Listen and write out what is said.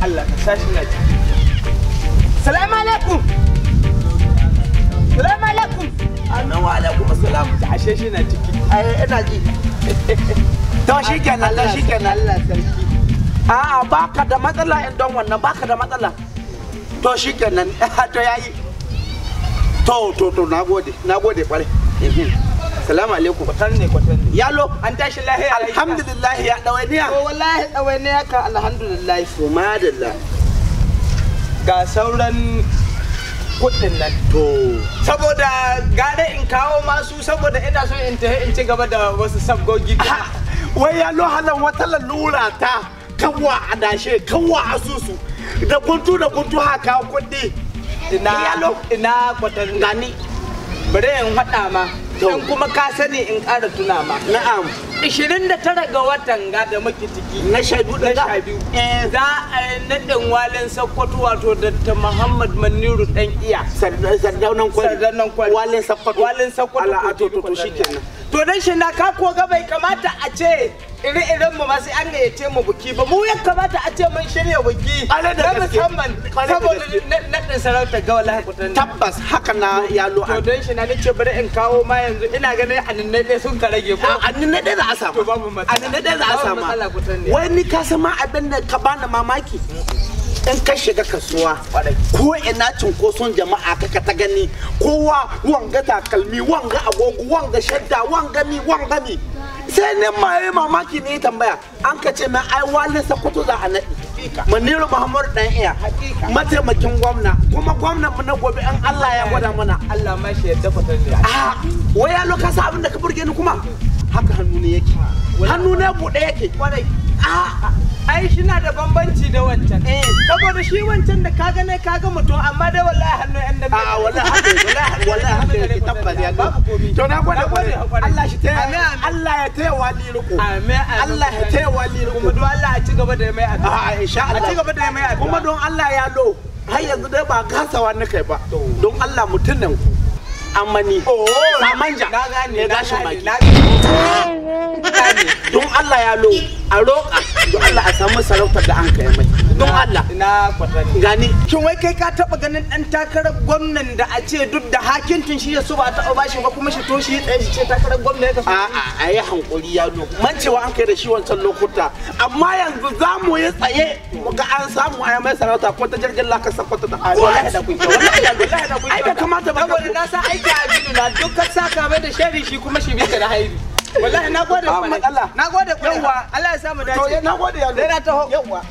Allah ka sa shi ji. salamu alaikum salamu alaikum wa alaikum assalam ashe shi na ciki ai ina ji to shi kenan Allah shi kenan Allah sarki a'a baka da matsala in don wannan baka da matsala to shi kenan to yayi to to to nagode nagode kwarai Assalamu alaikum. Kwatan ne kwatan ne. Yalo an tashi lahiya. Alhamdulillah ya dawainiya. To wallahi dawainiya ka alhamdulillah. To madalla. Ga sauran kuɗin nan. To. Saboda gane in kawo masu saboda ina so in tafi in ci gaba da wasu sabgogi. Wai yalo halan wata lalura ta kawwa adashe kawwa asusu da kuntu da kuntu haka kudi Ina yalo ina kwatan gani. bari in haɗa ma in kuma ka sani in ƙara tuna ma na'am 29 ga watan ga da muke ciki na sha biyu na sha biyu eh, za a yi naɗin walin sakkwato wato datta muhammad maniru ɗan iya sardaunan kwari sardaunan kwari walin sakkwato walin sakkwato ala a to to shikenan to dan shi na ka ko ga bai kamata a ce ire irin mu ma sai an gayyace mu buki ba mu ya kamata a ce mun shirya buki gaske musamman saboda naɗin sarauta ga wallahi kudin tabbas haka na yalo an to dan shi na nace bari in kawo ma yanzu ina ganin annan ɗaya sun ka rage ko annan ɗaya za a samu to babu matsala annan ɗaya za a samu wai ni ka san ma abin da ka bani mamaki in ka shiga kasuwa ko ina cunkoson jama'a kaka ta gani kowa wanga takalmi wanga agogo wanga shadda wanga mi wanga mi sai ne ma yi mamaki ne tambaya an ka ce mai ai sa sakuto za a naɗi maniru muhammadu dan iya mataimakin gwamna kuma gwamnan mu na gobe an allah ya gwada mana allah ma shi yadda fatar da a waya lokasa abin da ka burge ni kuma haka hannu ne yake hannu ne buɗe yake a ai shi na da bambanci da wancan eh. saboda shi wancan da kaga ne kaga mutum amma da wallahi hannu yan da a wallahi wallahi wallahi tabbas ya babu komi to na Allah shi ta Allah ya taya wali riko amin Allah ya taya wali riko kuma don Allah ya ci gaba da mai a insha Allah ci gaba da mai kuma don Allah ya lo har yanzu dai ba gasawa na kai ba don Allah mutun nan ku amani oh, oh, oh. samanja ne gashin baki don Allah ya lo a roƙa don Allah a samu sarautar da an kai mai ina gani kin wai kai ka taba ganin dan takarar gwamnan da a ce duk da hakintin shi ya so ba taba bashi ba kuma shi to shi tsaye shi ce takarar ya a a ayi hankuri ya an kai da shi wancan lokuta amma yanzu za mu yi tsaye muka an samu a mai sarauta ko ta jirgin laka sa da a wallahi da kuke wallahi da kuke ai bai kamata ba saboda na san aiki a bidu na duk ka saka mai da shari shi kuma shi bisa da haibi wallahi na gode ku na gode ku yawa Allah ya samu dace eh, na gode ya lo na yawa